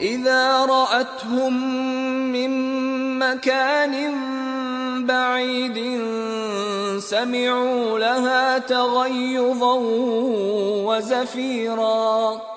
إذا رأتهم من مكان بعيد سمعوا لها تغيظا وزفيرا